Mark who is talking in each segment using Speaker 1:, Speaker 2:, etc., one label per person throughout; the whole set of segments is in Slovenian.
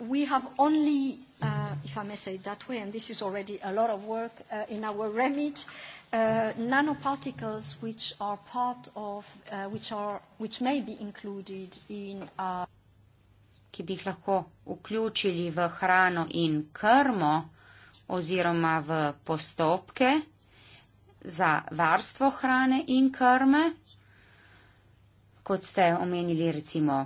Speaker 1: we have only, uh, if I may say it that way, and this is already a lot of work uh, in our remit, uh, nanoparticles which are part of, uh, which, are, which may be included in. Uh, ki bi jih lahko vključili v hrano in krmo oziroma v postopke za varstvo hrane in krme, kot ste omenili recimo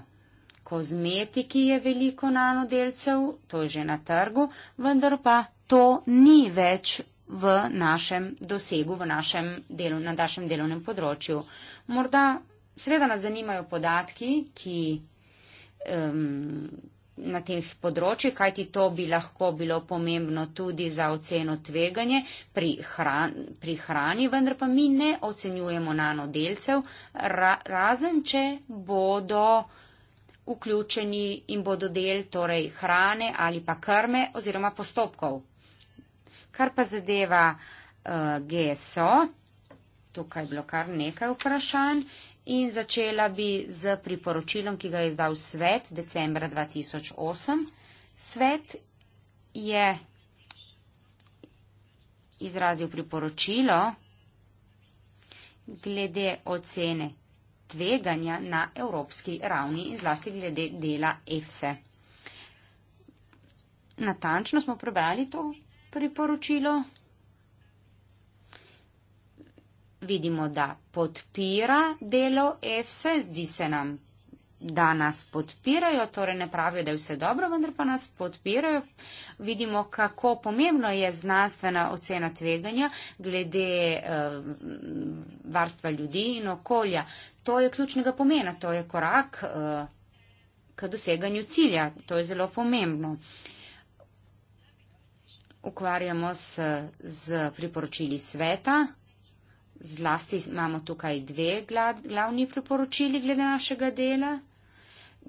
Speaker 1: kozmetiki je veliko nanodelcev, to je že na trgu, vendar pa to ni več v našem dosegu, v našem delu, na našem delovnem področju. Morda sveda nas zanimajo podatki, ki um, na teh področjih, kajti to bi lahko bilo pomembno tudi za oceno tveganje pri, hran, pri hrani, vendar pa mi ne ocenjujemo nanodelcev, ra, razen če bodo uh, vključeni in bodo del torej hrane ali pa krme oziroma postopkov. Kar pa zadeva uh, eh, GSO, tukaj je bilo kar nekaj vprašanj in začela bi z priporočilom, ki ga je izdal svet decembra 2008. Svet je izrazil priporočilo glede ocene tveganja na evropski ravni in zlasti glede dela EFSE. Natančno smo prebrali to priporočilo. Vidimo, da podpira delo EFSE, zdi se nam da nas podpirajo, torej ne pravijo, da je vse dobro, vendar pa nas podpirajo. Vidimo, kako pomembno je znanstvena ocena tveganja glede uh, varstva ljudi in okolja. To je ključnega pomena, to je korak uh, k doseganju cilja, to je zelo pomembno. Ukvarjamo se z priporočili sveta. Zlasti imamo tukaj dve glavni priporočili glede našega dela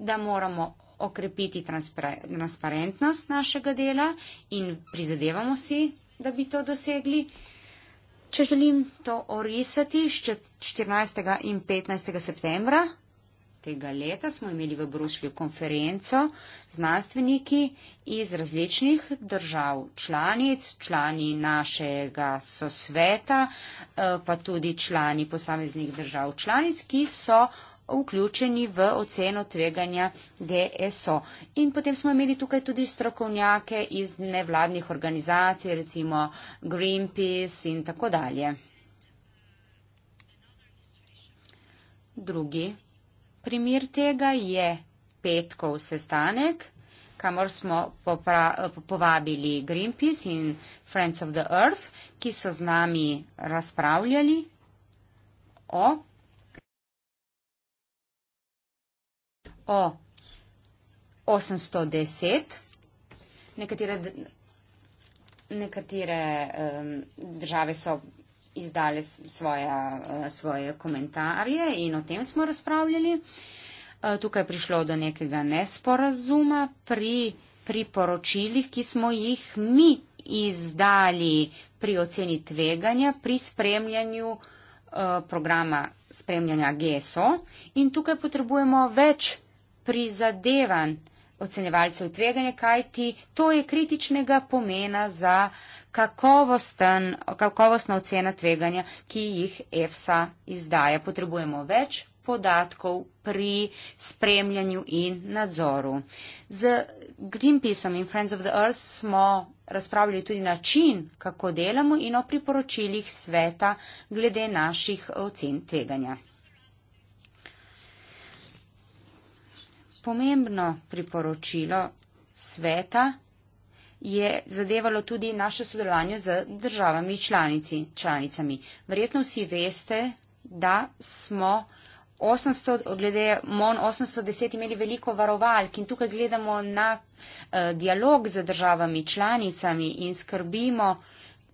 Speaker 1: da moramo okrepiti transparentnost našega dela in prizadevamo si, da bi to dosegli. Če želim to orisati, 14. in 15. septembra tega leta smo imeli v Bruslju konferenco znanstveniki iz različnih držav članic, člani našega sosveta, eh, pa tudi člani posameznih držav članic, ki so vključeni v oceno tveganja DSO. E in potem smo imeli tukaj tudi strokovnjake iz nevladnih organizacij, recimo Greenpeace in tako dalje. Drugi primer tega je petkov sestanek, kamor smo povabili Greenpeace in Friends of the Earth, ki so z nami razpravljali o o 810. Nekatere, nekatere um, države so izdale svoja, uh, svoje komentarje in o tem smo razpravljali. Eh, tukaj je prišlo do nekega nesporazuma pri priporočilih, ki smo jih mi izdali pri oceni tveganja, pri spremljanju uh, programa spremljanja GSO. E in tukaj potrebujemo več prizadevanj ocenjevalcev tveganja, kaj ti to je kritičnega pomena za kakovostna ocena tveganja, ki jih EFSA izdaja. Potrebujemo več podatkov pri spremljanju in nadzoru. Z Greenpeaceom in Friends of the Earth smo razpravljali tudi način, kako delamo in o priporočilih sveta glede naših ocen tveganja. pomembno priporočilo sveta je zadevalo tudi naše sodelovanje z državami članici, članicami. Verjetno vsi veste, da smo 800, glede MON 810 imeli veliko varovalk in tukaj gledamo na eh, dialog z državami članicami in skrbimo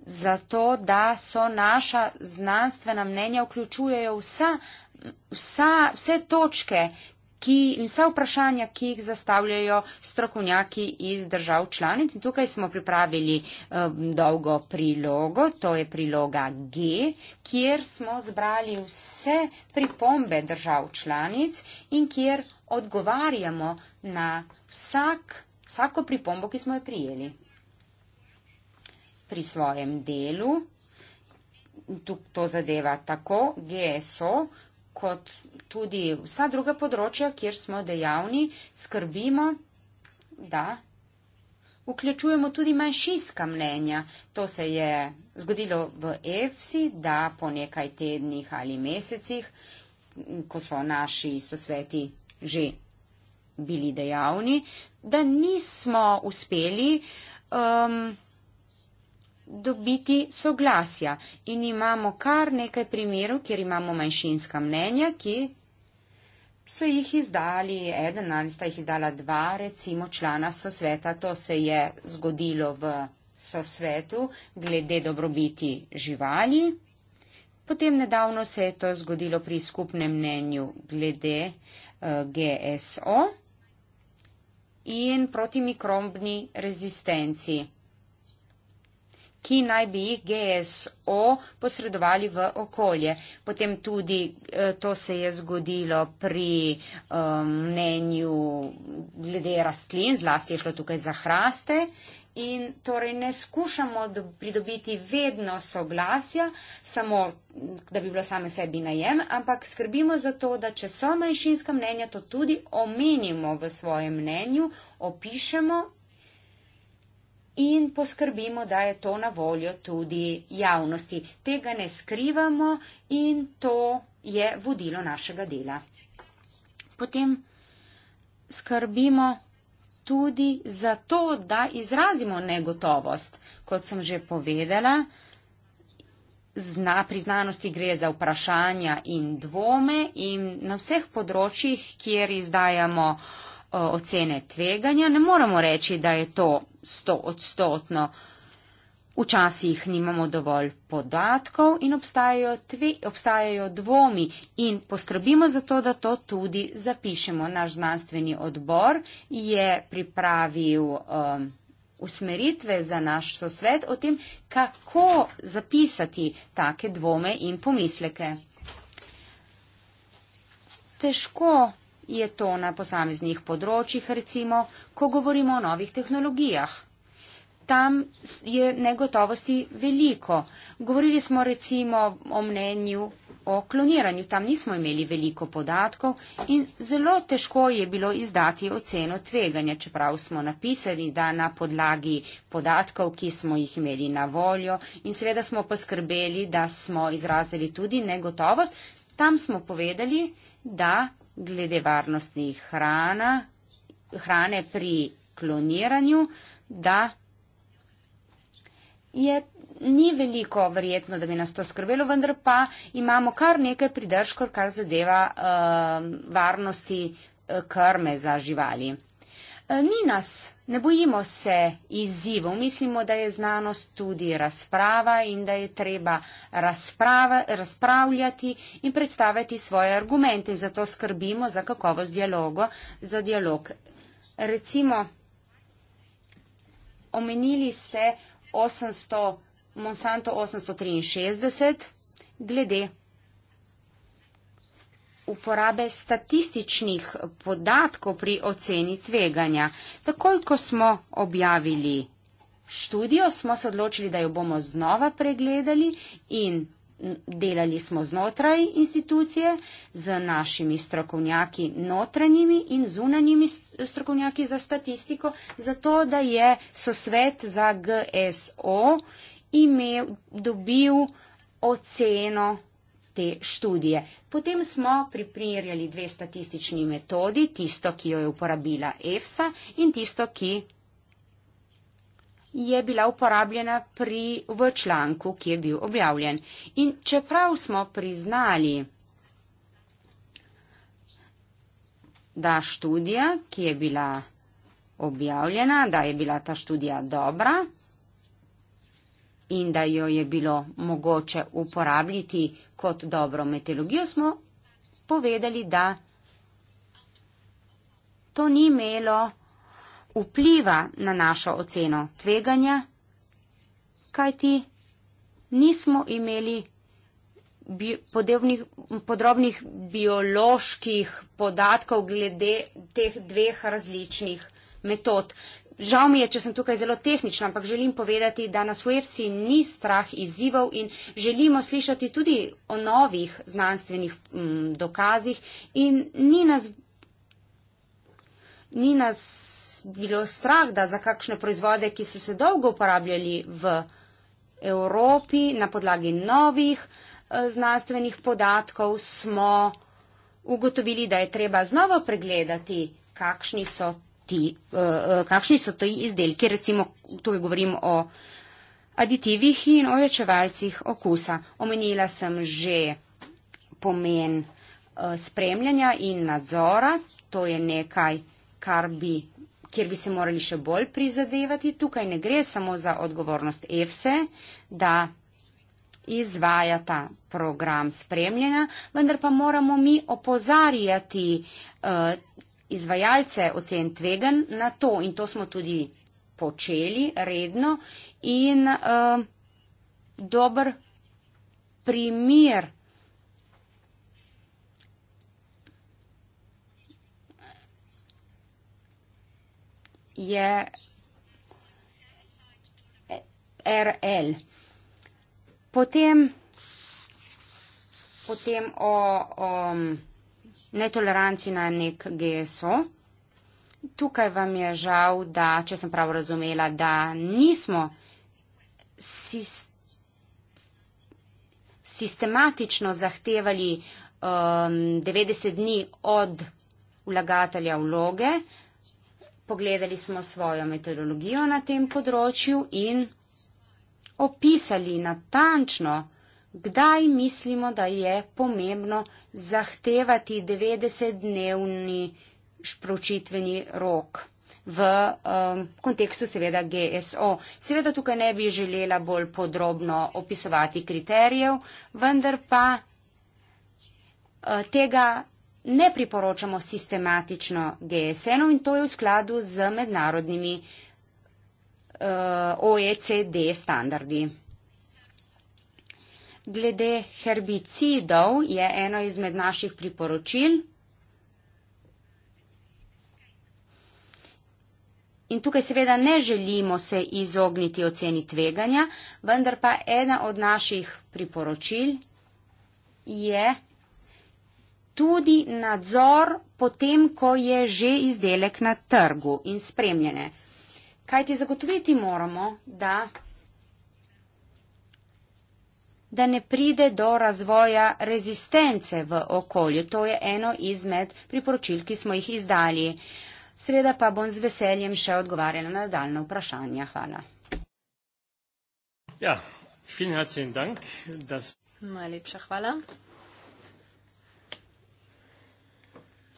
Speaker 1: za to, da so naša znanstvena mnenja vključujejo vsa, vsa, vse točke, ki, vsa vprašanja, ki jih zastavljajo strokovnjaki iz držav članic. In tukaj smo pripravili um, dolgo prilogo, to je priloga G, kjer smo zbrali vse pripombe držav članic in kjer odgovarjamo na vsak, vsako pripombo, ki smo jo prijeli pri svojem delu. To zadeva tako GSO, kot tudi vsa druga področja, kjer smo dejavni, skrbimo, da vključujemo tudi manjšinska mnenja. To se je zgodilo v EFSI, da po nekaj tednih ali mesecih, ko so naši sosveti že bili dejavni, da nismo uspeli um, dobiti soglasja. In imamo kar nekaj primerov, kjer imamo manjšinska mnenja, ki so jih izdali, eden ali sta jih izdala dva, recimo člana sosveta. To se je zgodilo v sosvetu glede dobrobiti živali. Potem nedavno se je to zgodilo pri skupnem mnenju glede eh, GSO in proti mikrobni rezistenci ki naj bi jih GSO posredovali v okolje. Potem tudi eh, to se je zgodilo pri eh, mnenju glede rastlin, zlasti je šlo tukaj za hraste. In torej ne skušamo pridobiti vedno soglasja, samo da bi bilo same sebi najem, ampak skrbimo za to, da če so manjšinska mnenja, to tudi omenimo v svojem mnenju, opišemo in poskrbimo, da je to na voljo tudi javnosti. Tega ne skrivamo in to je vodilo našega dela. Potem skrbimo tudi za to, da izrazimo negotovost. Kot sem že povedala, zna, pri znanosti gre za vprašanja in dvome in na vseh področjih, kjer izdajamo eh, ocene tveganja, ne moramo reči, da je to sto odstotno. Včasih nimamo dovolj podatkov in obstajajo, tve, obstajajo dvomi in poskrbimo za to, da to tudi zapišemo. Naš znanstveni odbor je pripravil um, usmeritve za naš sosvet o tem, kako zapisati take dvome in pomisleke. Težko je to na posameznih področjih, recimo, ko govorimo o novih tehnologijah. Tam je negotovosti veliko. Govorili smo recimo o mnenju o kloniranju, tam nismo imeli veliko podatkov in zelo težko je bilo izdati oceno tveganja, čeprav smo napisali, da na podlagi podatkov, ki smo jih imeli na voljo in seveda smo poskrbeli, da smo izrazili tudi negotovost, tam smo povedali, da glede varnosti hrana, hrane pri kloniranju, da je, ni veliko verjetno, da bi nas to skrbelo, vendar pa imamo kar nekaj pridržkov, kar zadeva uh, varnosti uh, krme za živali. Eh, ni nas, ne bojimo se izzivov, mislimo, da je znanost tudi razprava in da je treba razprava, razpravljati in predstaviti svoje argumente in zato skrbimo za kakovost dialogo, za dialog. Recimo, omenili ste 800, Monsanto 863 glede uporabe statističnih podatkov pri oceni tveganja. Takoj, ko smo objavili študijo, smo se odločili, da jo bomo znova pregledali in delali smo znotraj institucije z našimi strokovnjaki notranjimi in zunanjimi strokovnjaki za statistiko, zato da je sosvet za GSO imel, dobil oceno te študije. Potem smo pripirjali dve statistični metodi, tisto, ki jo je uporabila EFSA in tisto, ki je bila uporabljena pri, v članku, ki je bil objavljen. In čeprav smo priznali, da študija, ki je bila objavljena, da je bila ta študija dobra in da jo je bilo mogoče uporabljiti kot dobro meteorologijo smo povedali, da to ni imelo vpliva na našo oceno tveganja, kajti nismo imeli bi, podobnih, podrobnih bioloških podatkov glede teh dveh različnih metod. Žal mi je, če sem tukaj zelo tehnična, ampak želim povedati, da nas v EFSI ni strah izzivov in želimo slišati tudi o novih znanstvenih m, mm, dokazih in ni nas, ni nas bilo strah, da za kakšne proizvode, ki so se dolgo uporabljali v Evropi na podlagi novih eh, znanstvenih podatkov, smo ugotovili, da je treba znova pregledati, kakšni so ti, eh, eh, kakšni so ti izdelki, recimo tukaj govorim o aditivih in ojačevalcih okusa. Omenila sem že pomen eh, spremljanja in nadzora, to je nekaj, kar bi kjer bi se morali še bolj prizadevati. Tukaj ne gre samo za odgovornost EFSE, da izvaja ta program spremljanja, vendar pa moramo mi opozarjati uh, izvajalce ocen tvegan na to in to smo tudi počeli redno in uh, dober primer je RL. Potem, potem o, o netoleranci na nek GSO. Tukaj vam je žal, da, če sem prav razumela, da nismo sist sistematično zahtevali um, 90 dni od vlagatelja vloge. Pogledali smo svojo metodologijo na tem področju in opisali natančno, kdaj mislimo, da je pomembno zahtevati 90-dnevni špročitveni rok v um, kontekstu seveda GSO. Seveda tukaj ne bi želela bolj podrobno opisovati kriterijev, vendar pa uh, tega ne priporočamo sistematično GSN-u in to je v skladu z mednarodnimi uh, OECD standardi glede herbicidov je eno izmed naših priporočil. In tukaj seveda ne želimo se izogniti oceni tveganja, vendar pa ena od naših priporočil je tudi nadzor potem, ko je že izdelek na trgu in spremljene. Kaj ti zagotoviti moramo, da da ne pride do razvoja rezistence v okolju. To je eno izmed priporočil, ki smo jih izdali. Sveda pa bom z veseljem še odgovarjala na daljno vprašanje. Hvala.
Speaker 2: Ja, dank, das...
Speaker 1: Najlepša hvala.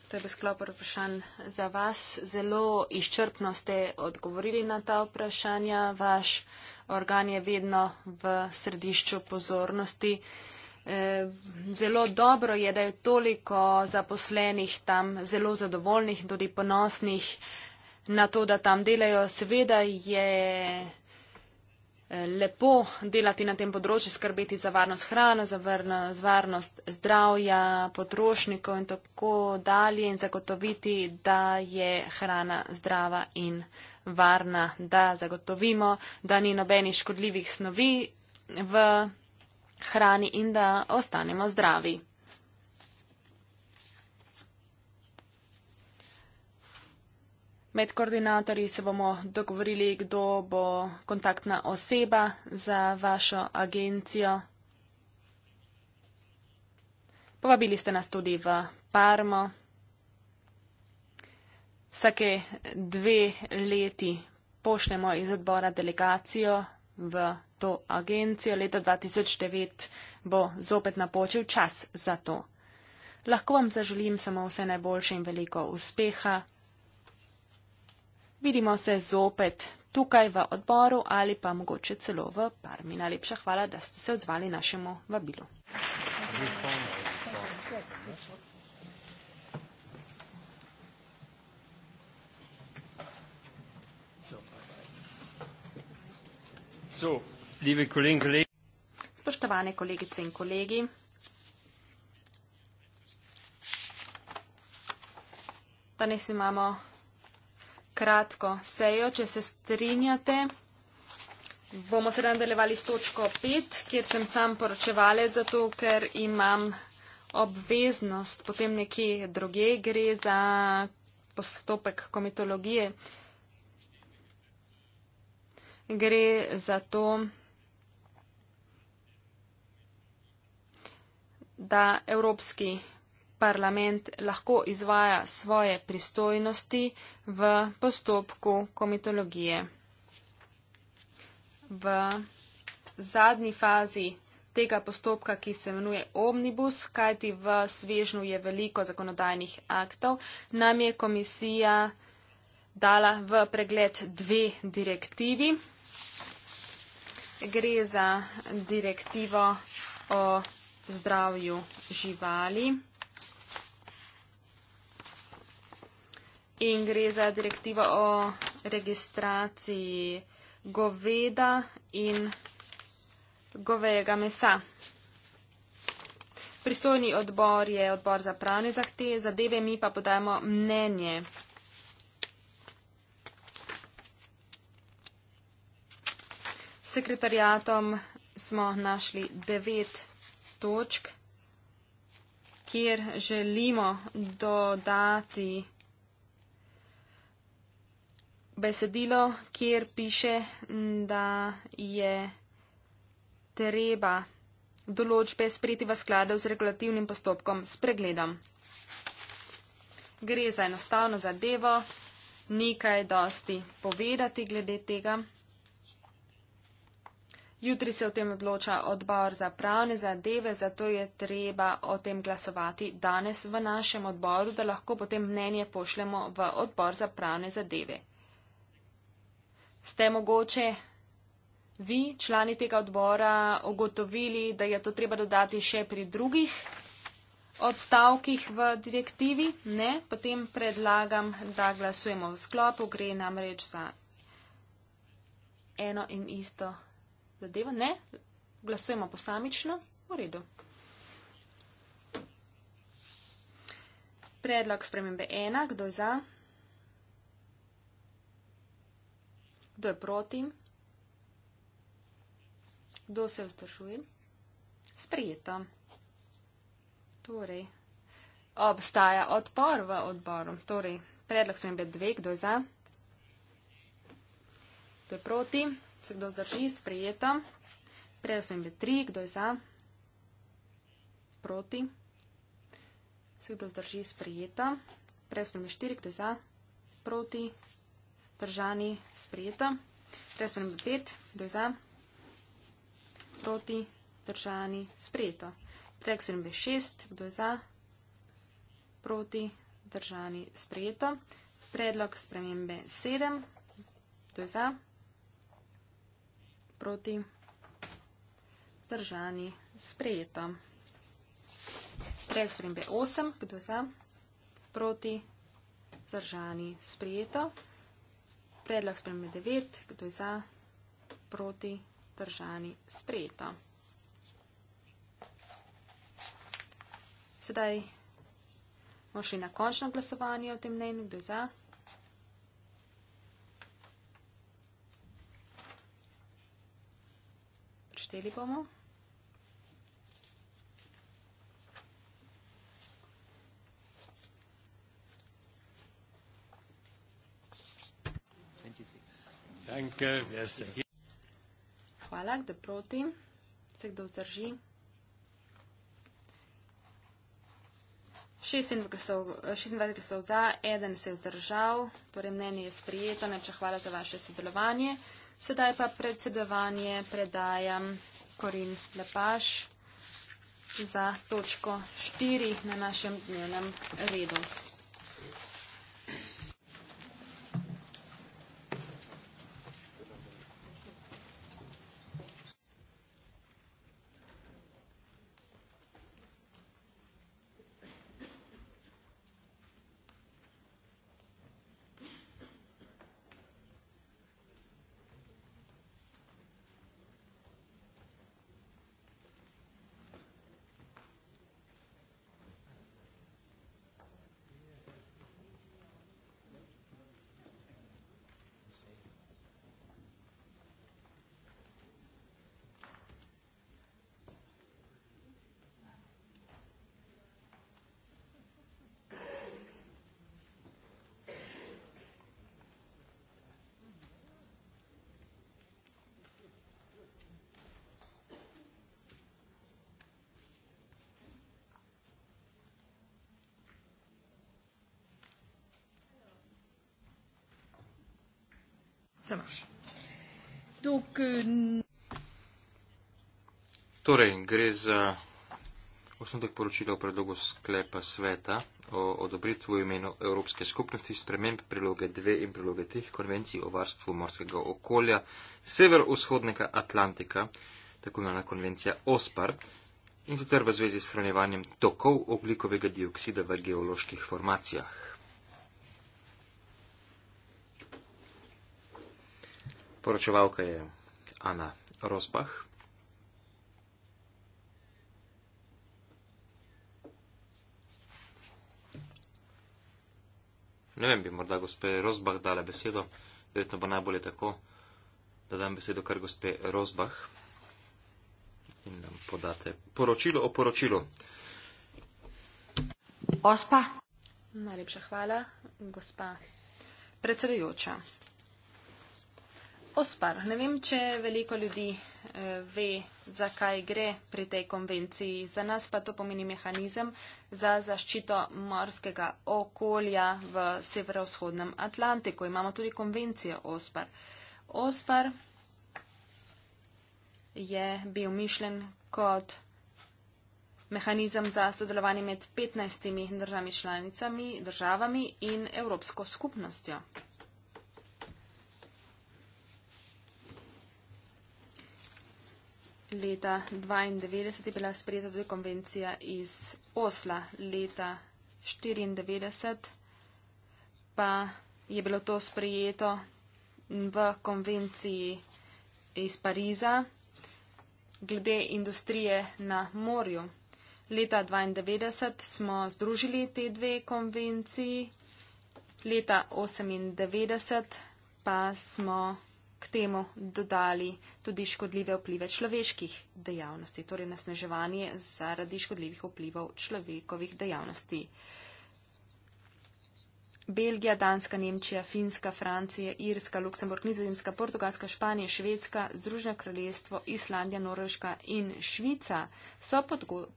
Speaker 3: To je bil sklopor vprašanj za vas. Zelo izčrpno ste odgovorili na ta vprašanja. Vaš organ je vedno v središču pozornosti. Eh, zelo dobro je, da je toliko zaposlenih tam zelo zadovoljnih, tudi ponosnih na to, da tam delajo. Seveda je eh, lepo delati na tem področju, skrbeti za varnost hrano, za varnost zdravja potrošnikov in tako dalje in zagotoviti, da je hrana zdrava in varna, da zagotovimo, da ni nobenih škodljivih snovi v hrani in da ostanemo zdravi. Med koordinatorji se bomo dogovorili, kdo bo kontaktna oseba za vašo agencijo. Povabili ste nas tudi v Parmo vsake dve leti pošljemo iz odbora delegacijo v to agencijo. Leto 2009 bo zopet napočil čas za to. Lahko vam zaželim samo vse najboljše in veliko uspeha. Vidimo se zopet tukaj v odboru ali pa mogoče celo v parmi. Najlepša hvala, da ste se odzvali našemu vabilu.
Speaker 1: Hvala.
Speaker 2: So, liebe Kolleginnen und Kollegen.
Speaker 3: Spoštovane kolegice in kolegi. Danes imamo kratko sejo, če se strinjate. Bomo sedaj nadaljevali s točko 5, kjer sem sam poročevalec, zato ker imam obveznost potem nekje druge, gre za postopek komitologije. Uh, gre za to, da Evropski parlament lahko izvaja svoje pristojnosti v postopku komitologije. V zadnji fazi tega postopka, ki se imenuje omnibus, kajti v svežnju je veliko zakonodajnih aktov, nam je komisija dala v pregled dve direktivi gre za direktivo o zdravju živali. In gre za direktivo o registraciji goveda in govejega mesa. Pristojni odbor je odbor za pravne zahteve, zadeve mi pa podajamo mnenje. sekretarjatom smo našli devet točk, kjer želimo dodati besedilo, kjer piše, da je treba določbe spriti v skladu z regulativnim postopkom s pregledom. Gre za enostavno zadevo, nekaj dosti povedati glede tega. Jutri se o tem odloča odbor za pravne zadeve, zato je treba o tem glasovati danes v našem odboru, da lahko potem mnenje pošljemo v odbor za pravne zadeve. Ste mogoče vi, člani tega odbora, ogotovili, da je to treba dodati še pri drugih odstavkih v direktivi? Ne, potem predlagam, da glasujemo v sklopu, gre namreč za eno in isto zadeva? Ne? Glasujemo posamično? V redu. Predlog spremembe ena. Kdo je za? Kdo je proti? Kdo se vzdržuje? Sprijeta. Torej, obstaja odpor v odboru. Torej, predlog spremembe dve. Kdo je za? Kdo je proti? Kdo je proti? Se kdo zdrži, sprejeta. Prej so jim bili tri, kdo je za, proti. Se kdo zdrži, sprejeta. Prej so jim bili štiri, kdo je za, proti, držani, sprejeta. Prej so jim bili pet, kdo je za, proti, držani, sprejeta. Prej so jim bili šest, kdo je za, proti, držani, sprejeta. Predlog spremembe sedem, kdo je za proti držani sprejeto. 3 spremembe 8, kdo za, proti držani sprejeto. Predlog spremembe 9, kdo za, proti držani sprejeto. Sedaj bomo šli na končno glasovanje o tem mnenju, kdo je za, ali komu. Hvala, kdo proti, se kdo zdrži. 26 glasov za, eden se je zdržal, torej mnenje je sprijeto, najprej hvala za vaše sodelovanje. Sedaj pa predsedovanje predajam Korin Lepaš za točko 4 na našem dnevnem redu. Ça marche. Donc. Euh,
Speaker 2: torej, gre za osnotek poročila o predlogu sklepa sveta o odobritvu imenu Evropske skupnosti sprememb priloge 2 in priloge 3 konvencij o varstvu morskega okolja severovzhodnega Atlantika, tako imenovana konvencija OSPAR, in sicer v zvezi s hranjevanjem tokov oglikovega dioksida v geoloških formacijah. Poročevalka je Ana Rosbach. Ne vem, bi morda gospe Rosbach dala besedo, verjetno bo najbolje tako, da dam besedo kar gospe Rosbach in nam podate poročilo o poročilu.
Speaker 1: Ospa.
Speaker 3: Najlepša hvala, gospa predsedujoča. Ospar, ne vem, če veliko ljudi eh, ve, zakaj gre pri tej konvenciji. Za nas pa to pomeni mehanizem za zaščito morskega okolja v severovzhodnem Atlantiku. Imamo tudi konvencijo Ospar. Ospar je bil mišljen kot mehanizem za sodelovanje med 15 državami članicami, državami in Evropsko skupnostjo. leta 1992 je bila sprejeta tudi konvencija iz Osla leta 1994, pa je bilo to sprejeto v konvenciji iz Pariza glede industrije na morju. Leta 1992 smo združili te dve konvenciji, leta 1998 pa smo k temu dodali tudi škodljive vplive človeških dejavnosti, torej nasneževanje zaradi škodljivih vplivov človekovih dejavnosti. Belgija, Danska, Nemčija, Finska, Francija, Irska, Luksemburg, Nizozemska, Portugalska, Španija, Švedska, Združeno kraljestvo, Islandija, Norveška in Švica so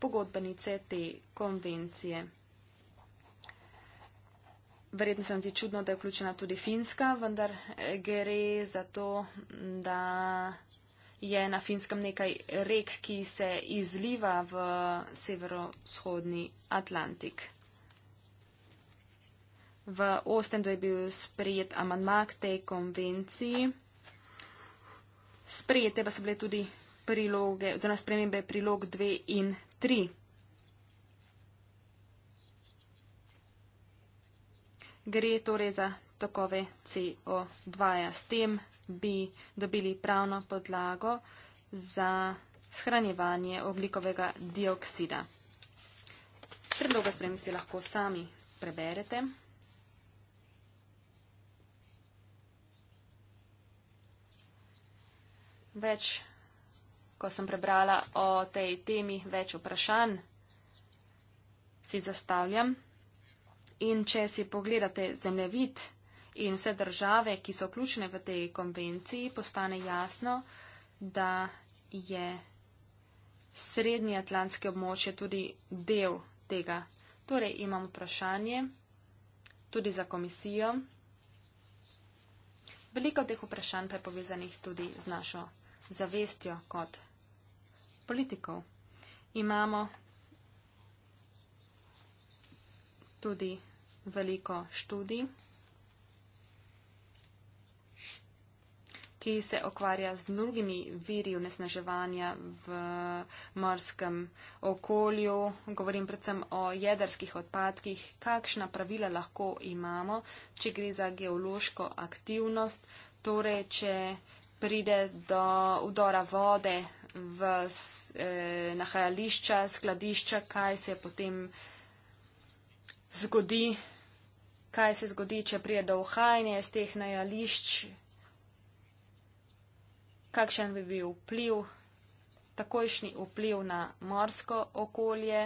Speaker 3: pogodbenice te konvencije verjetno se vam zdi čudno, da je vključena tudi Finska, vendar eh, gre za to, da je na Finskem nekaj rek, ki se izliva v severovzhodni Atlantik. V Ostendu je bil sprejet amandma k tej konvenciji. Sprejete pa so bile tudi priloge, oziroma spremembe prilog 2 in 3. gre torej za tokove CO2. -ja. S tem bi dobili pravno podlago za shranjevanje oglikovega dioksida. Predloga sprem si lahko sami preberete. Več, ko sem prebrala o tej temi, več vprašanj si zastavljam. In če si pogledate zemljevid in vse države, ki so vključene v tej konvenciji, postane jasno, da je srednji atlantski območje tudi del tega. Torej imam vprašanje tudi za komisijo. Veliko teh vprašanj pa je povezanih tudi z našo zavestjo kot politikov. Imamo tudi veliko študij, ki se okvarja z drugimi viri onesnaževanja v morskem okolju. Govorim predvsem o jedrskih odpadkih, kakšna pravila lahko imamo, če gre za geološko aktivnost, torej, če pride do udora vode v eh, nahajališča, skladišča, kaj se potem zgodi kaj se zgodi, če prije do ohajanja iz teh najališč, kakšen bi bil vpliv, takojšnji vpliv na morsko okolje,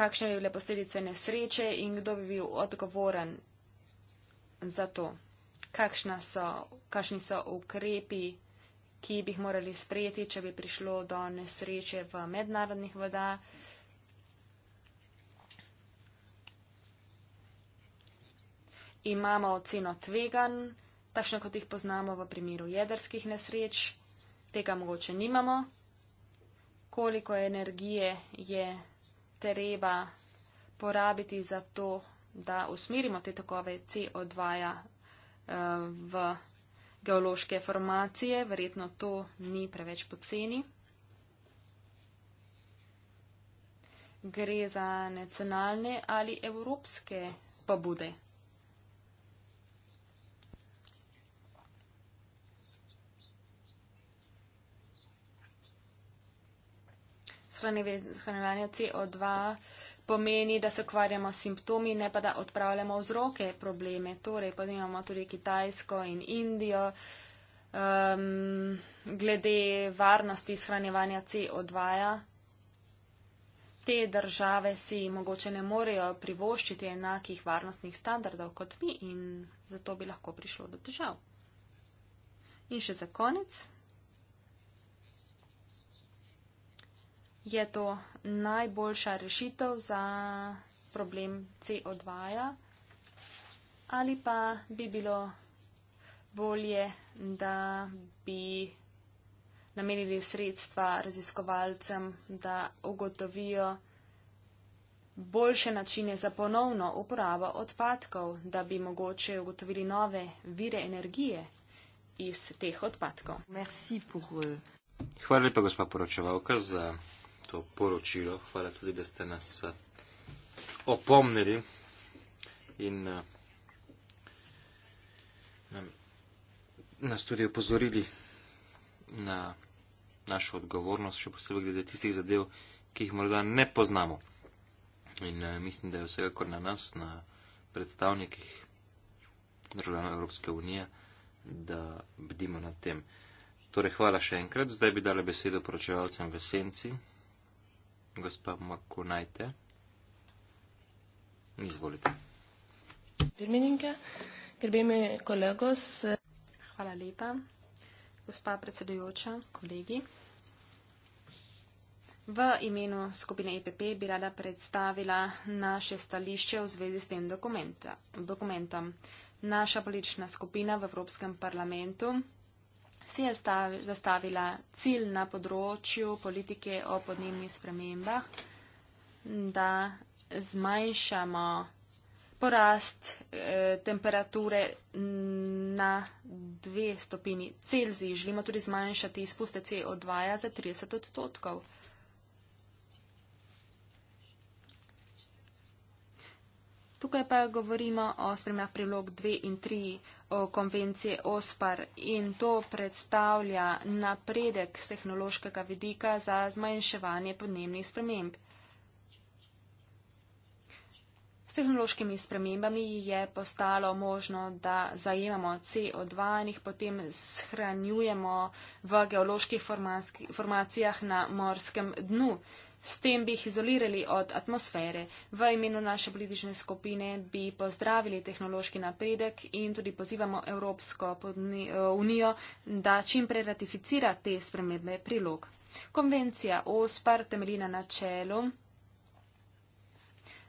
Speaker 3: kakšne bi bile posledice nesreče in kdo bi bil odgovoren za to, so, kakšni so ukrepi, ki bi jih morali sprejeti, če bi prišlo do nesreče v mednarodnih vodah. imamo oceno tvegan, takšno kot jih poznamo v primeru jedrskih nesreč, tega mogoče nimamo, koliko energije je treba porabiti za to, da usmerimo te tokove CO2 eh, v geološke formacije, verjetno to ni preveč poceni. Gre za nacionalne ali evropske pobude. shranjevanje CO2 pomeni, da se ukvarjamo s simptomi, ne pa da odpravljamo vzroke probleme. Torej, potem imamo tudi Kitajsko in Indijo. Um, glede varnosti shranjevanja CO2, te države si mogoče ne morejo privoščiti enakih varnostnih standardov kot mi in zato bi lahko prišlo do težav. In še za konec, je to najboljša rešitev za problem CO2 -ja? ali pa bi bilo bolje, da bi namenili sredstva raziskovalcem, da ugotovijo boljše načine za ponovno uporabo odpadkov, da bi mogoče ugotovili nove vire energije iz teh odpadkov. Euh,
Speaker 2: Hvala lepa, gospa poročevalka, za to poročilo, hvala tudi, da ste nas eh, opomnili in eh, nas tudi opozorili na našo odgovornost, še posebej glede tistih zadev, ki jih morda ne poznamo. In eh, mislim, da je vse kar na nas, na predstavnikih državljanov Evropske unije, da bdimo nad tem. Torej, hvala še enkrat. Zdaj bi dala besedo poročevalcem v Senci. Gospa Makunajte. Izvolite.
Speaker 3: Hvala lepa, gospa predsedujoča, kolegi. V imenu skupine EPP bi rada predstavila naše stališče v zvezi s tem dokumentom. Naša politična skupina v Evropskem parlamentu si je stavi, zastavila cilj na področju politike o podnebnih spremembah, da zmanjšamo porast eh, temperature na dve stopini Celzija. Želimo tudi zmanjšati izpuste CO2 ja za 30 odstotkov. Tukaj pa govorimo o spremljah prilog 2 in 3 konvencije OSPAR in to predstavlja napredek z tehnološkega vidika za zmanjševanje podnebnih sprememb. S tehnološkimi spremembami je postalo možno, da zajemamo CO2 in jih potem shranjujemo v geoloških formacijah na morskem dnu. S tem bi jih izolirali od atmosfere. V imenu naše politične skupine bi pozdravili tehnološki napredek in tudi pozivamo Evropsko unijo, da čim prej ratificira te spremembe prilog. Konvencija OSPAR temelji na načelu,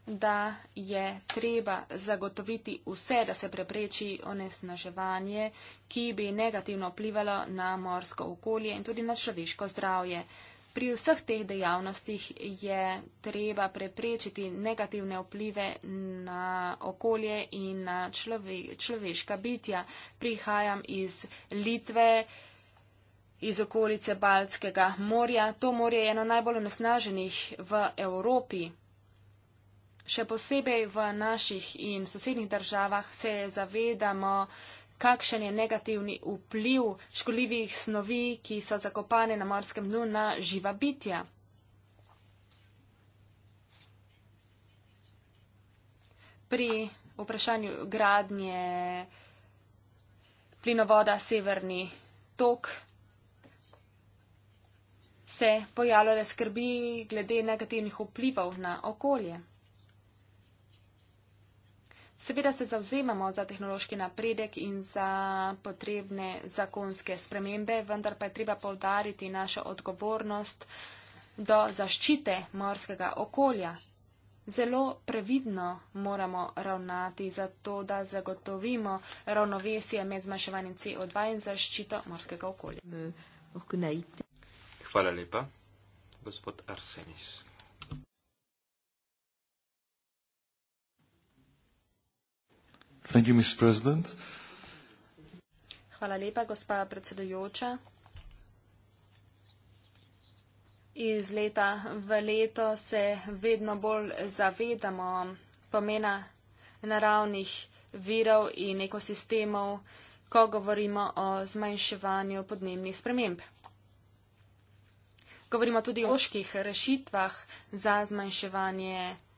Speaker 3: da je treba zagotoviti vse, da se prepreči onesnaževanje, ki bi negativno vplivalo na morsko okolje in tudi na človeško zdravje. Pri vseh teh dejavnostih je treba preprečiti negativne vplive na okolje in na človeka, človeška bitja. Prihajam iz Litve, iz okolice Baltskega morja. To morje je eno najbolj onosnaženih v Evropi. Še posebej v naših in sosednjih državah se zavedamo kakšen je negativni vpliv škodljivih snovi, ki so zakopane na morskem dnu na živa bitja. Pri vprašanju gradnje plinovoda Severni tok se pojavljale skrbi glede negativnih vplivov na okolje. Seveda se zauzemamo za tehnološki napredek in za potrebne zakonske spremembe, vendar pa je treba povdariti našo odgovornost do zaščite morskega okolja. Zelo previdno moramo ravnati za to, da zagotovimo ravnovesje med zmanjševanjem CO2 in zaščito morskega okolja.
Speaker 2: Hvala lepa, gospod Arsenis. Thank you, Ms. President. Hvala
Speaker 3: lepa, gospa predsedujoča. Iz leta v leto se vedno bolj zavedamo pomena naravnih virov in ekosistemov, ko govorimo o zmanjševanju podnebnih sprememb. Govorimo tudi o oških rešitvah za zmanjševanje podnebnih sprememb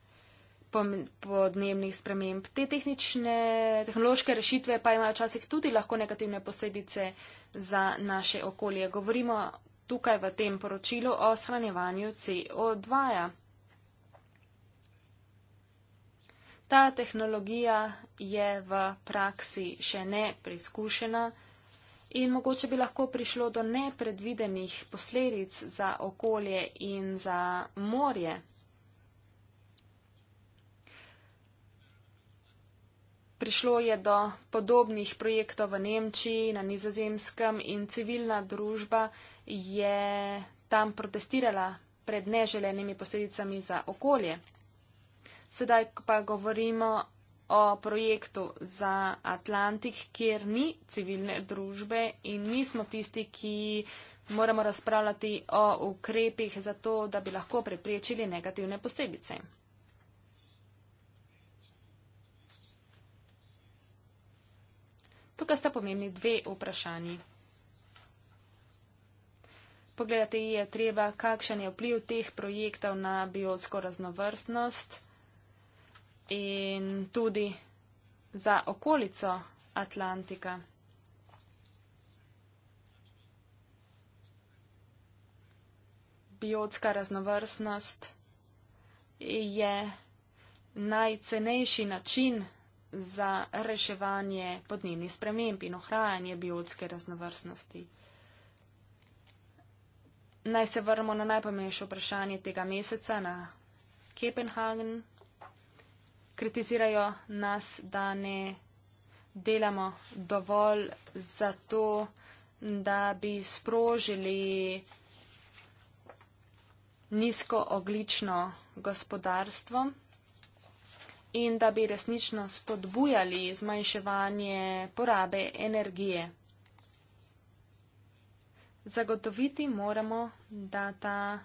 Speaker 3: podnebnih sprememb. Te tehnične, tehnološke rešitve pa imajo včasih tudi lahko negativne posledice za naše okolje. Govorimo tukaj v tem poročilu o shranjevanju CO2. -ja. Ta tehnologija je v praksi še ne preizkušena in mogoče bi lahko prišlo do nepredvidenih posledic za okolje in za morje. prišlo je do podobnih projektov v Nemčiji, na nizozemskem in civilna družba je tam protestirala pred neželenimi posledicami za okolje. Sedaj pa govorimo o projektu za Atlantik, kjer ni civilne družbe in mi smo tisti, ki moramo razpravljati o ukrepih za to, da bi lahko preprečili negativne posledice. Tukaj sta pomembni dve vprašanji. Pogledati je treba, kakšen je vpliv teh projektov na biotsko raznovrstnost in tudi za okolico Atlantika. Biotska raznovrstnost je najcenejši način za reševanje podnebnih sprememb in ohranjanje biotske raznovrstnosti. Naj se vrnemo na najpomembnejše vprašanje tega meseca na Kopenhagen. Kritizirajo nas, da ne delamo dovolj za to, da bi sprožili nizkooglično gospodarstvo in da bi resnično spodbujali zmanjševanje porabe energije. Zagotoviti moramo, da ta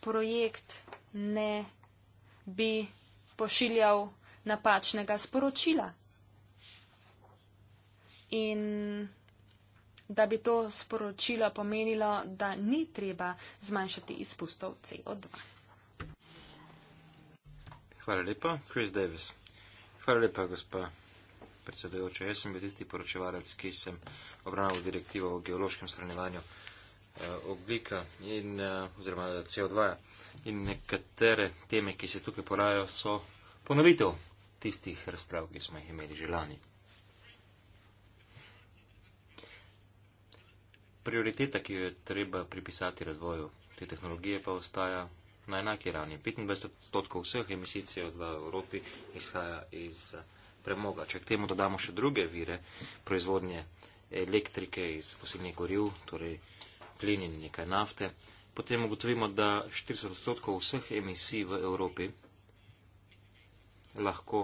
Speaker 3: projekt ne bi pošiljal napačnega sporočila in da bi to sporočilo pomenilo, da ni treba zmanjšati izpustov CO2.
Speaker 2: Hvala lepa, Chris Davis. Hvala lepa, gospa predsedojoča. Jaz sem bil tisti poročevalec, ki sem obravnaval direktivo o geološkem stranjevanju eh, oglika in, eh, oziroma CO2. In nekatere teme, ki se tukaj porajajo, so ponovitev tistih razprav, ki smo jih imeli že lani. Prioriteta, ki jo je treba pripisati razvoju te tehnologije, pa ostaja na enaki ravni. 25% vseh emisij CO2 v Evropi izhaja iz eh, premoga. Če k temu dodamo še druge vire proizvodnje elektrike iz fosilnih goriv, torej plin in nekaj nafte, potem ugotovimo, da 40% vseh emisij v Evropi lahko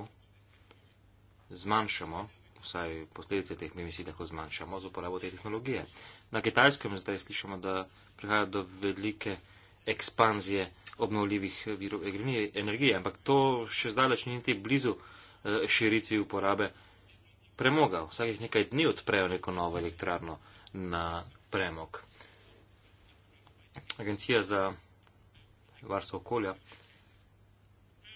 Speaker 2: zmanjšamo, vsaj posledice teh emisij lahko zmanjšamo z uporabo te tehnologije. Na kitajskem zdaj slišimo, da prihaja do velike ekspanzije obnovljivih virov energije, ampak to še zdaleč ni niti blizu eh, širitvi uporabe premoga. Vsakih nekaj dni odprejo neko novo elektrarno na premog. Agencija za varstvo okolja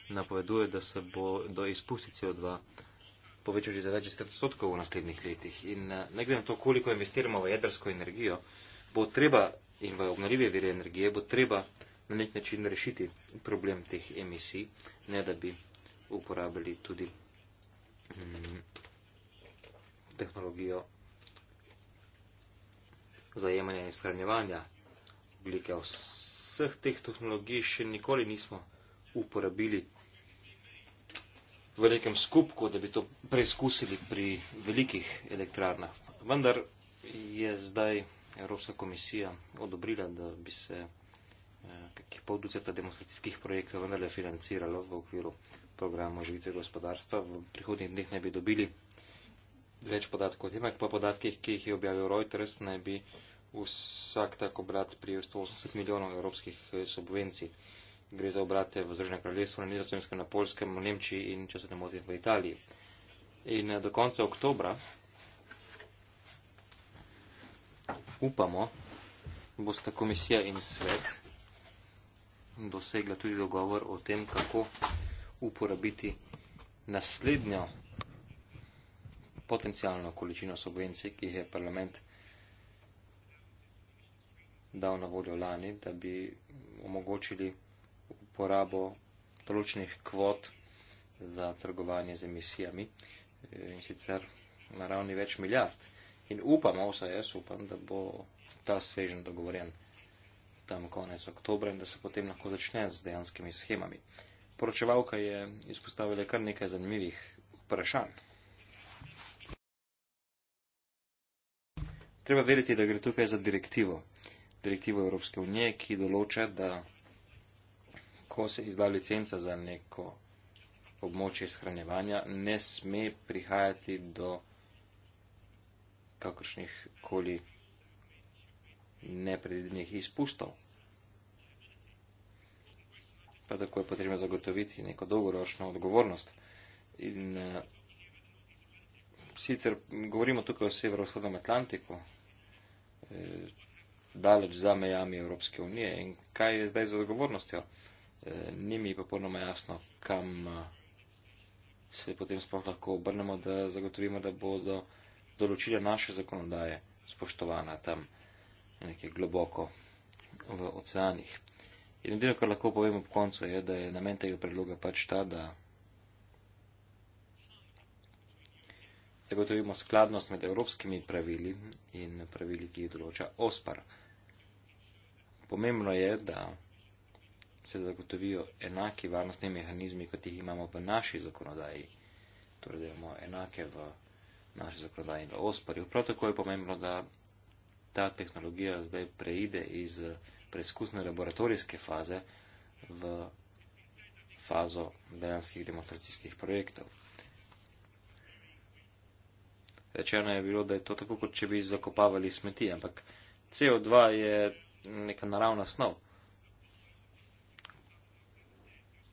Speaker 2: napoveduje, da se bo do izpusti CO2 povečali za več odstotkov v naslednjih letih. In eh, ne glede na to, koliko investiramo v jedrsko energijo, bo treba in v obnovljive vire energije, bo treba na nek način rešiti problem teh emisij, ne da bi uporabili tudi hm, tehnologijo zajemanja in shranjevanja oglike. Vseh teh tehnologij še nikoli nismo uporabili v nekem skupku, da bi to preizkusili pri velikih elektrarnah. Vendar je zdaj Evropska komisija odobrila, da bi se eh, kakih pol duceta demonstracijskih projektov vendarle financiralo v okviru programa živitve gospodarstva. V prihodnjih dneh naj bi dobili več podatkov o tem, po podatkih, ki jih je objavil Reuters, naj bi vsak tak obrat prijel 180 milijonov evropskih eh, subvencij. Gre za obrate v Združenem kraljestvu, na Nizozemskem, na Polskem, v Nemčiji in, če se ne motim, v Italiji. In eh, do konca oktobra upamo, bo sta komisija in svet dosegla tudi dogovor o tem, kako uporabiti naslednjo potencijalno količino subvencij, ki jih je parlament dal na voljo lani, da bi omogočili uporabo določenih kvot za trgovanje z emisijami eh, in sicer na ravni več milijard. In upamo, vsaj jaz upam, da bo ta svežen dogovorjen tam konec oktobra in da se potem lahko začne z dejanskimi schemami. Poročevalka je izpostavila kar nekaj zanimivih vprašanj. Treba vedeti, da gre tukaj za direktivo. Direktivo Evropske unije, ki določa, da ko se izda licenca za neko območje shranjevanja, ne sme prihajati do kakršnih koli nepredvidenih izpustov. Pa tako je potrebno zagotoviti neko dolgoročno odgovornost. In uh, sicer govorimo tukaj o severovzhodnem Atlantiku, eh, daleč za mejami Evropske unije. In kaj je zdaj z odgovornostjo? Eh, ni mi popolnoma jasno, kam uh, se potem sploh lahko obrnemo, da zagotovimo, da bodo uh, določila naše zakonodaje spoštovana tam nekje globoko v oceanih. In edino, kar lahko povem ob koncu, je, da je namen tega predloga pač ta, da zagotovimo skladnost med evropskimi pravili in pravili, ki jih določa OSPAR. Pomembno je, da se zagotovijo enaki varnostni mehanizmi, kot jih imamo v naši zakonodaji. Torej, da imamo enake v naše zakonodaje v osparju. Prav tako je pomembno, da ta tehnologija zdaj preide iz preizkusne laboratorijske faze v fazo dejanskih demonstracijskih projektov. Rečeno je bilo, da je to tako, kot če bi zakopavali smeti, ampak CO2 je neka naravna snov.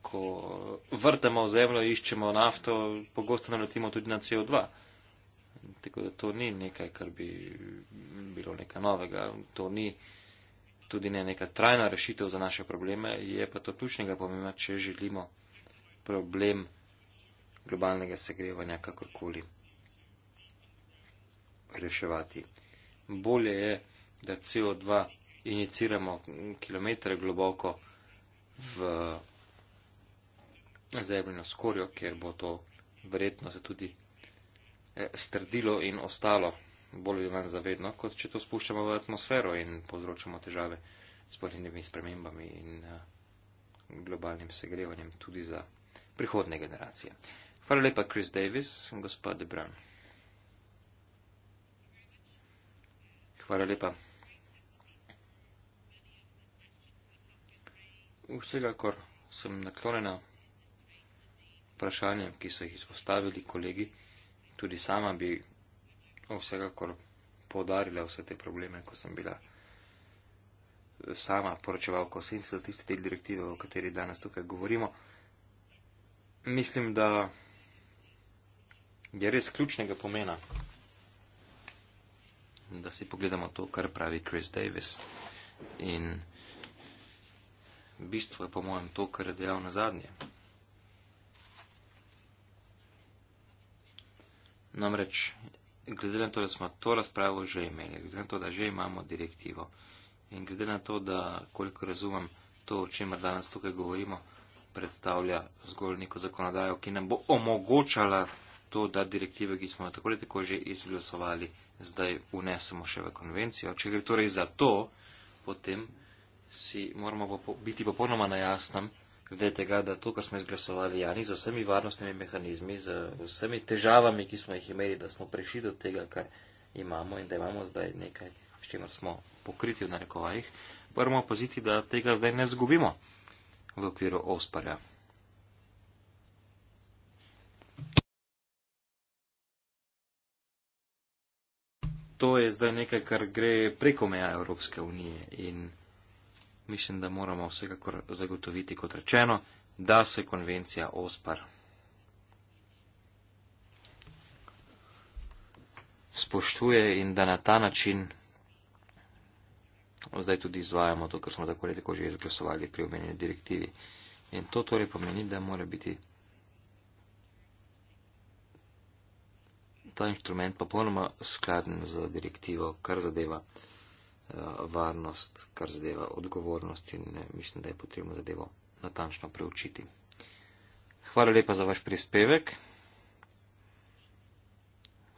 Speaker 2: Ko vrtamo v zemljo, iščemo nafto, pogosto naletimo tudi na CO2. Tako da to ni nekaj, kar bi bilo nekaj novega. To ni tudi ne neka trajna rešitev za naše probleme, je pa to ključnega pomena, če želimo problem globalnega segrevanja kakorkoli reševati. Bolje je, da CO2 iniciramo kilometre globoko v zemljino skorjo, ker bo to verjetno se tudi Eh, strdilo in ostalo, bolj ali manj zavedno, kot če to spuščamo v atmosfero in povzročamo težave s podnebnimi spremembami in eh, globalnim segrevanjem tudi za prihodne generacije. Hvala lepa, Chris Davis, gospod Debran. Hvala lepa. Vsekakor sem naklonjena vprašanjem, ki so jih izpostavili kolegi tudi sama bi vsekakor podarila vse te probleme, ko sem bila sama poročevalka vsem za tiste del direktive, o kateri danes tukaj govorimo. Mislim, da je res ključnega pomena, da si pogledamo to, kar pravi Chris Davis. In bistvo je, po mojem, to, kar je dejal na zadnje. Namreč, glede na to, da smo to razpravo že imeli, glede na to, da že imamo direktivo in glede na to, da koliko razumem to, o čemer danes tukaj govorimo, predstavlja zgolj neko zakonodajo, ki nam bo omogočala to, da direktive, ki smo tako ali tako že izglasovali, zdaj unesemo še v konvencijo. Če gre torej za to, potem si moramo biti popolnoma na jasnem, glede tega, da to, kar smo izglasovali, Jani, z vsemi varnostnimi mehanizmi, z vsemi težavami, ki smo jih imeli, da smo prišli do tega, kar imamo in da imamo zdaj nekaj, s čimer smo pokriti v narekovajih, moramo paziti, da tega zdaj ne zgubimo v okviru osparja. To je zdaj nekaj, kar gre preko meja Evropske unije in mislim, da moramo vsekakor zagotoviti, kot rečeno, da se konvencija OSPAR spoštuje in da na ta način zdaj tudi izvajamo to, kar smo tako rekoč že izglasovali pri omenjeni direktivi. In to torej pomeni, da mora biti ta inštrument popolnoma skladen z direktivo, kar zadeva. Eh, varnost, kar zadeva odgovornost in eh, mislim, da je potrebno zadevo natančno preučiti. Hvala lepa za vaš prispevek.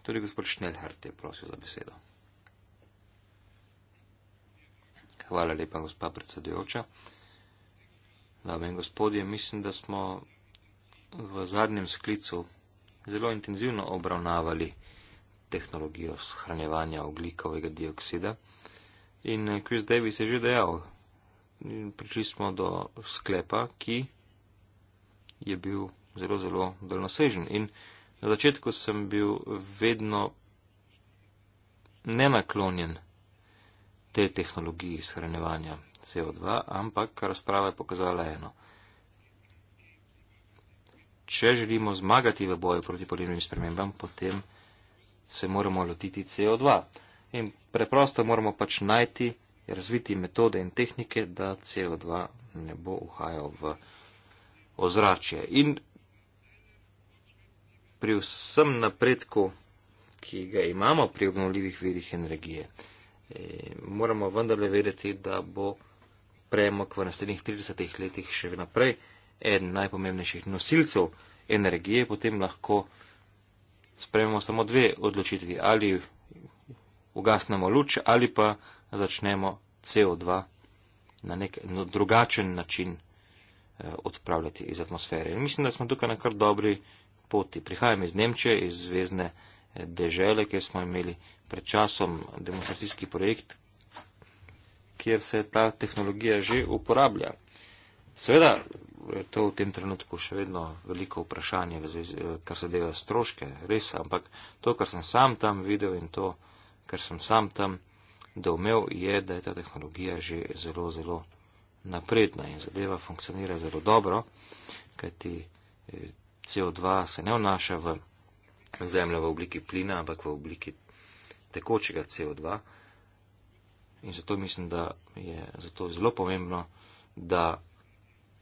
Speaker 2: Tudi gospod Šnelhart je prosil za besedo. Hvala lepa, gospa predsedujoča. Dame in gospodje, mislim, da smo v zadnjem sklicu zelo intenzivno obravnavali tehnologijo shranjevanja oglikovega dioksida. In eh, Chris Davis je že dejal, in prišli smo do sklepa, ki je bil zelo, zelo dolnosežen. In na začetku sem bil vedno nenaklonjen te tehnologiji shranjevanja CO2, ampak razprava je pokazala eno. Če želimo zmagati v boju proti podnebnim spremembam, potem se moramo lotiti CO2. In preprosto moramo pač najti, razviti metode in tehnike, da CO2 ne bo uhajal v ozračje. In pri vsem napredku, ki ga imamo pri obnovljivih virih energije, eh, moramo vendarle vedeti, da bo premog v naslednjih 30 letih še naprej eden najpomembnejših nosilcev energije, potem lahko sprememo samo dve odločitvi. Ali ugasnemo luč ali pa začnemo CO2 na nek na drugačen način eh, odpravljati iz atmosfere. In mislim, da smo tukaj na kar dobri poti. Prihajam iz Nemčije, iz zvezdne eh, dežele, kjer smo imeli pred časom demonstracijski projekt, kjer se ta tehnologija že uporablja. Seveda je to v tem trenutku še vedno veliko vprašanje, eh, kar se deva stroške, res, ampak to, kar sem sam tam videl in to, kar sem sam tam domel, je, da je ta tehnologija že zelo, zelo napredna in zadeva funkcionira zelo dobro, kajti eh, CO2 se ne vnaša v zemljo v obliki plina, ampak v obliki tekočega CO2. In zato mislim, da je zato zelo pomembno, da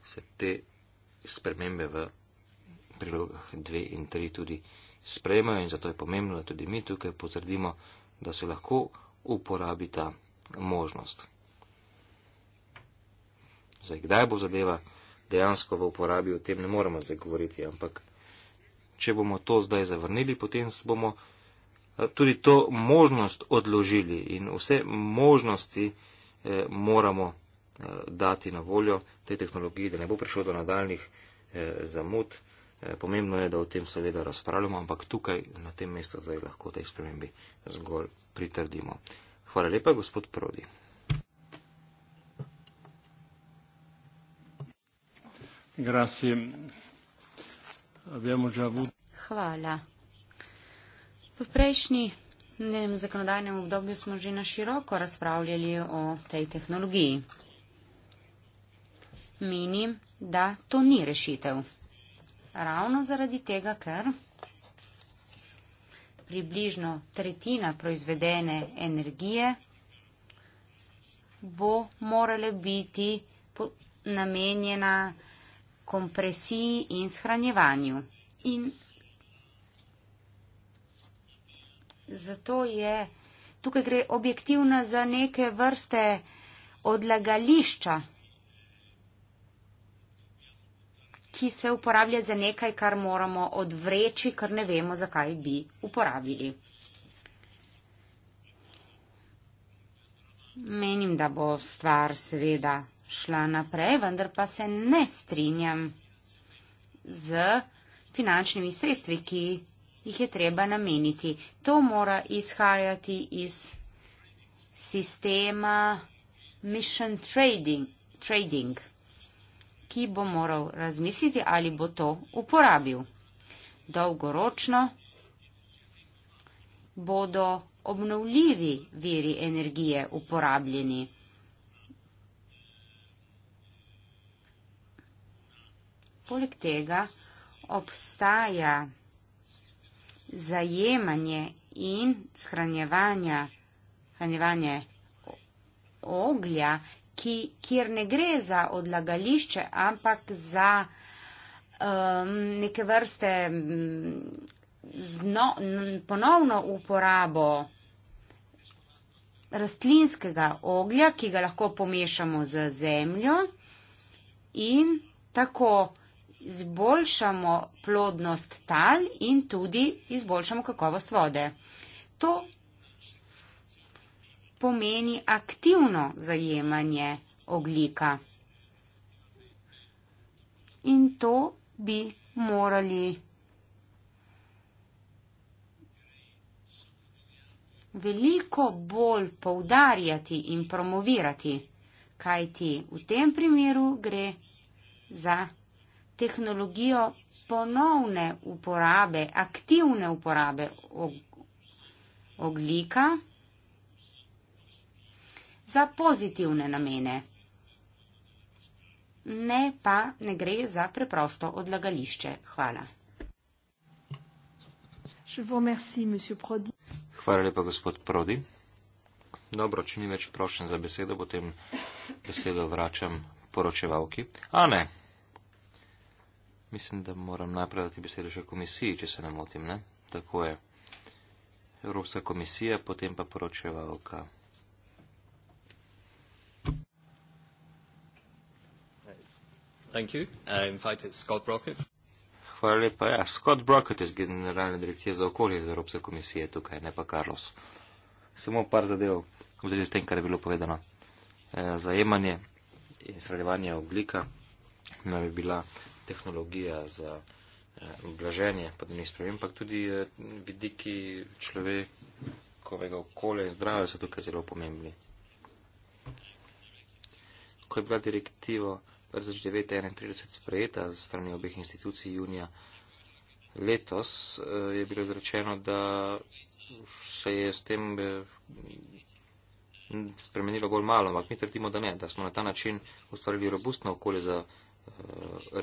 Speaker 2: se te spremembe v prilogah 2 in 3 tudi sprejmejo in zato je pomembno, da tudi mi tukaj potrdimo, da se lahko uporabi ta možnost. Zdaj, kdaj bo zadeva dejansko v uporabi, o tem ne moremo zdaj govoriti, ampak če bomo to zdaj zavrnili, potem bomo eh, tudi to možnost odložili in vse možnosti eh, moramo eh, dati na voljo tej tehnologiji, da ne bo prišlo do nadaljnih zamud. Eh, pomembno je, da o tem seveda razpravljamo, ampak tukaj na tem mestu zdaj lahko tej spremembi zgolj pritrdimo. Hvala lepa, gospod Prodi.
Speaker 1: Hvala. V prejšnji nem zakonodajnem obdobju smo že na široko razpravljali o tej tehnologiji. Menim, da to ni rešitev ravno zaradi tega, ker približno tretjina proizvedene energije bo morala biti namenjena kompresiji in shranjevanju. In zato je tukaj gre objektivna za neke vrste odlagališča. ki se uporablja za nekaj, kar moramo odvreči, ker ne vemo, zakaj bi uporabili. Menim, da bo stvar seveda šla naprej, vendar pa se ne strinjam z finančnimi sredstvi, ki jih je treba nameniti. To mora izhajati iz sistema mission trading. trading ki bo moral razmisliti, ali bo to uporabil. Dolgoročno bodo obnovljivi viri energije uporabljeni. Poleg tega obstaja zajemanje in shranjevanje oglja ki, kjer ne gre za odlagališče, ampak za um, neke vrste mm, zno, n, ponovno uporabo rastlinskega oglja, ki ga lahko pomešamo z zemljo in tako izboljšamo plodnost tal in tudi izboljšamo kakovost vode. To pomeni aktivno zajemanje oglika. In to bi morali veliko bolj poudarjati in promovirati, kajti v tem primeru gre za tehnologijo ponovne uporabe, aktivne uporabe oglika za pozitivne namene. Ne pa ne gre za preprosto odlagališče. Hvala.
Speaker 3: Merci,
Speaker 2: Hvala lepa, gospod Prodi. Dobro, če ni več prošen za besedo, potem besedo vračam poročevalki. A ne. Mislim, da moram najprej dati besedo še komisiji, če se ne motim, ne? Tako je. Evropska komisija, potem pa poročevalka. Thank you. Uh, in fact, it's Scott Brockett. Hvala lepa. Ja. Scott Brockett je generalni direktor za okolje iz Evropske komisije tukaj, ne pa Carlos. Samo par zadev v zvezi s tem, kar je bilo povedano. E, zajemanje in sredevanje oglika nam bi bila tehnologija za oblaženje eh, e, podnebnih sprememb, ampak tudi e, vidiki človekovega okolja in zdravja so tukaj zelo pomembni. Ko je bila direktiva 39 sprejeta z strani obeh institucij junija letos, eh, je bilo izrečeno, da se je s tem eh, spremenilo bolj malo, ampak mi trdimo, da ne, da smo na ta način ustvarili robustno okolje za eh,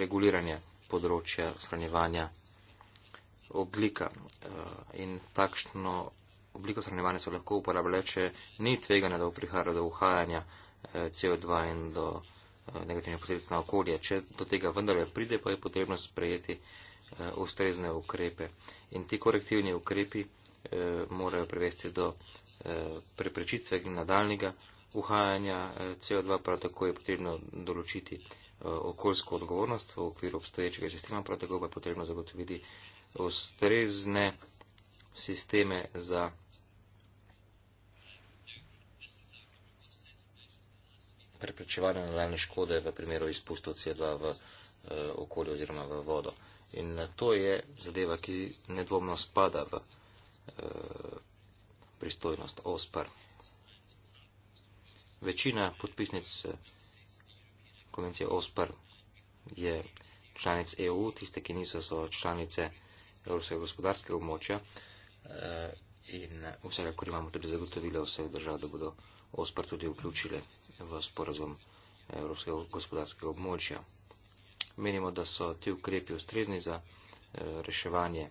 Speaker 2: reguliranje področja shranjevanja oglika. In takšno obliko shranjevanja se lahko uporablja, če ni tvega, da bo prihajalo do uhajanja CO2 in do Eh, negativne posledice na okolje. Če do tega vendarle pride, pa je potrebno sprejeti eh, ustrezne ukrepe. In ti korektivni ukrepi eh, morajo prevesti do preprečitve nadaljnega uhajanja CO2, prav tako je potrebno določiti okoljsko odgovornost v okviru obstoječega sistema, prav tako pa je potrebno zagotoviti ustrezne sisteme za preprečevanju nadaljne škode v primeru izpustov CO2 v eh, okolje oziroma v vodo. In eh, to je zadeva, ki nedvomno spada v eh, pristojnost OSPR. Večina podpisnic konvencije OSPR je članic EU, tiste, ki niso, so članice Evropskega gospodarskega območja in vsega, kar imamo tudi zagotovile vse države, da bodo OSPR tudi vključile v sporazum Evropskega gospodarskega območja. Menimo, da so ti ukrepi ustrezni za eh, reševanje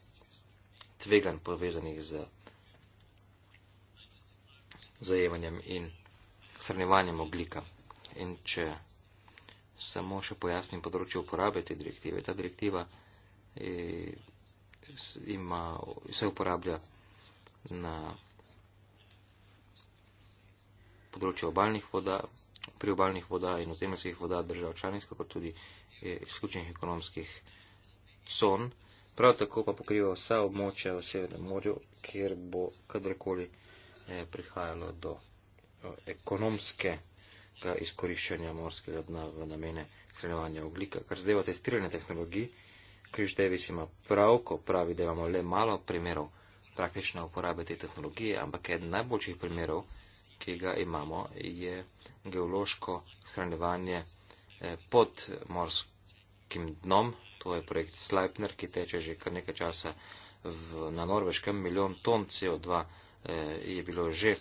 Speaker 2: tvegan povezanih z zajemanjem in srnevanjem oglika. In če samo še pojasnim področje uporabe te direktive, ta direktiva eh, ima, se uporablja na področju obalnih voda, priobalnih voda in ozemeljskih voda držav članic, kako tudi eh, izključenih ekonomskih con. Prav tako pa pokriva vsa območja v Severnem morju, kjer bo kadarkoli eh, prihajalo do eh, ekonomske izkoriščanja morskega dna v namene shranjevanja oglika. Kar zdaj testiranje tehnologij, Križ Davis ima prav, ko pravi, da imamo le malo primerov praktične uporabe te tehnologije, ampak eden najboljših primerov ki ga imamo, je geološko hranjevanje eh, pod morskim dnom. To je projekt Sleipner, ki teče že kar nekaj časa v, na norveškem. Milijon ton CO2 eh, je bilo že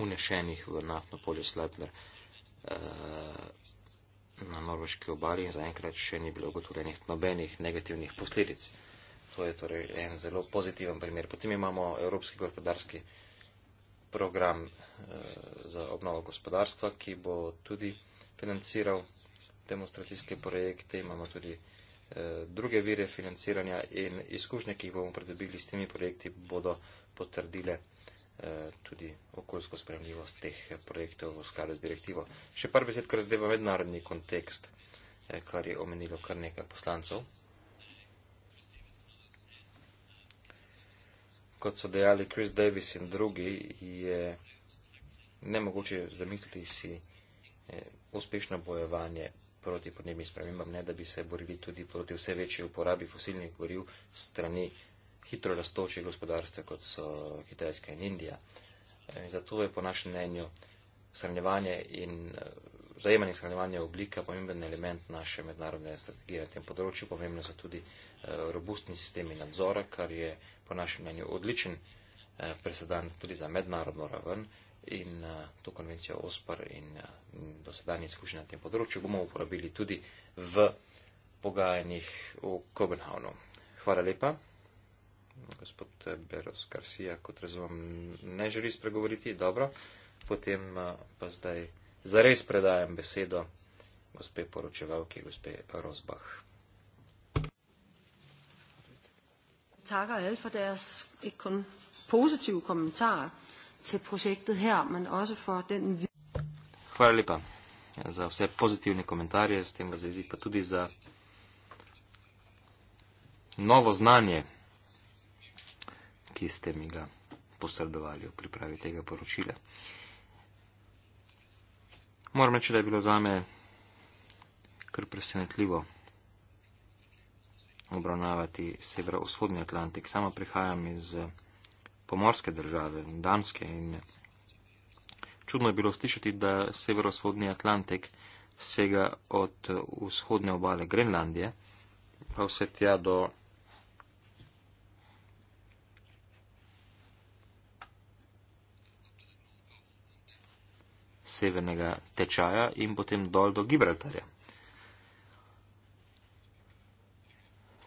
Speaker 2: unešenih v naftno polje Sleipner eh, na norveški obali in zaenkrat še ni bilo ugotovljenih nobenih negativnih posledic. To je torej en zelo pozitiven primer. Potem imamo Evropski gospodarski program za obnovo gospodarstva, ki bo tudi financiral demonstracijske projekte, imamo tudi eh, druge vire financiranja in izkušnje, ki jih bomo pridobili s temi projekti, bodo potrdile eh, tudi okoljsko spremljivost teh projektov v skladu z direktivo. Še par besed, kar zdaj v mednarodni kontekst, eh, kar je omenilo kar nekaj poslancov. Kot so dejali Chris Davis in drugi, je nemogoče zamisliti si eh, uspešno bojevanje proti podnebnim spremembam, ne da bi se borili tudi proti vse večji uporabi fosilnih goriv strani hitro rastoče gospodarstva, kot so Kitajska in Indija. In eh, zato je po našem mnenju shranjevanje in vzajemanje eh, shranjevanja oblika pomemben element naše mednarodne strategije na tem področju, pomembno so tudi robustni sistemi nadzora, kar je po našem mnenju odličen presedan tudi za mednarodno raven in uh, to konvencijo OSPR in uh, dosedanje izkušnje na tem področju bomo uporabili tudi v pogajanjih v Kopenhavnu. Hvala lepa. Gospod Beros Garcia, kot razumem, ne želi spregovoriti. Dobro. Potem uh, pa zdaj zares predajam besedo gospe poročevalke, gospe Rosbach.
Speaker 3: Takker alle for deres ikke kun positive kommentarer til projektet her, men også for den
Speaker 2: Hvala lepa za vse pozitivne komentarje, s tem v zvezi pa tudi za novo znanje, ki ste mi ga posredovali v pripravi tega poročila. Moram reči, da je bilo zame kar presenetljivo obravnavati severo-vzhodni Atlantik. Sama prihajam iz pomorske države, Danske. In čudno je bilo slišati, da severovzhodni Atlantik sega od vzhodne obale Grenlandije, pa vse tja do. severnega tečaja in potem dol do Gibraltarja.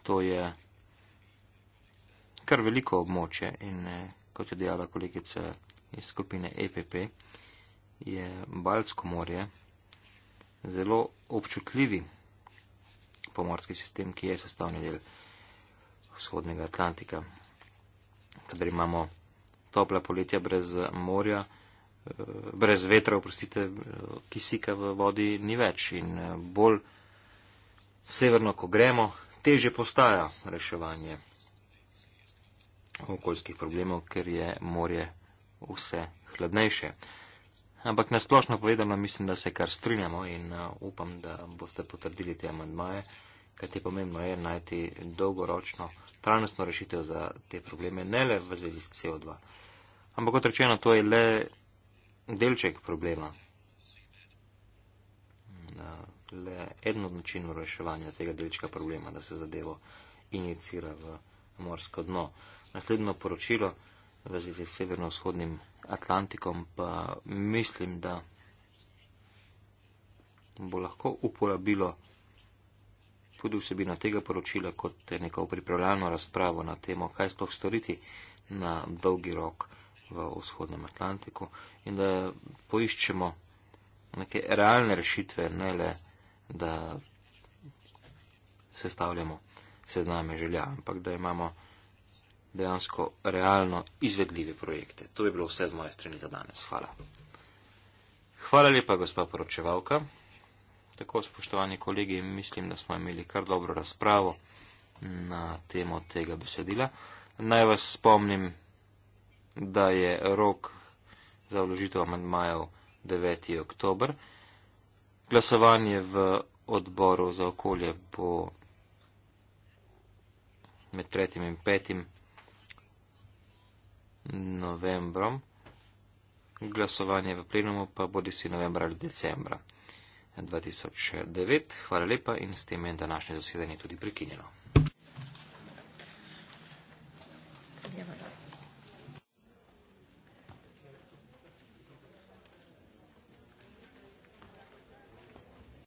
Speaker 2: To je kar veliko območje in eh, kot je dejala kolegica iz skupine EPP, je Balsko morje zelo občutljivi pomorski sistem, ki je sestavni del vzhodnega Atlantika. Kadar imamo topla poletja brez morja, eh, brez vetra, oprostite, eh, kisika v vodi ni več in bolj severno, ko gremo, teže postaja reševanje okoljskih problemov, ker je morje vse hladnejše. Ampak nasplošno povedano mislim, da se kar strinjamo in uh, upam, da boste potrdili te amandmaje, kaj te pomembno je najti dolgoročno, trajnostno rešitev za te probleme, ne le v zvezi s CO2. Ampak kot rečeno, to je le delček problema. Le en od načinov reševanja tega delčka problema, da se zadevo inicira v morsko dno naslednjo poročilo v zvezi s severno-vzhodnim Atlantikom, pa mislim, da bo lahko uporabilo tudi vsebino tega poročila kot neko pripravljalno razpravo na temo, kaj sploh storiti na dolgi rok v vzhodnem Atlantiku in da poiščemo neke realne rešitve, ne le, da sestavljamo sezname želja, ampak da imamo dejansko realno izvedljive projekte. To bi bilo vse z moje strani za danes. Hvala. Hvala lepa, gospa poročevalka. Tako, spoštovani kolegi, mislim, da smo imeli kar dobro razpravo na temo tega besedila. Naj vas spomnim, da je rok za vložitev amandmajev 9. oktober. Glasovanje v odboru za okolje bo med 3. in 5 novembrom, glasovanje v plenumu pa bodi si novembra ali decembra 2009. Hvala lepa in s tem je današnje zasedanje tudi prekinjeno.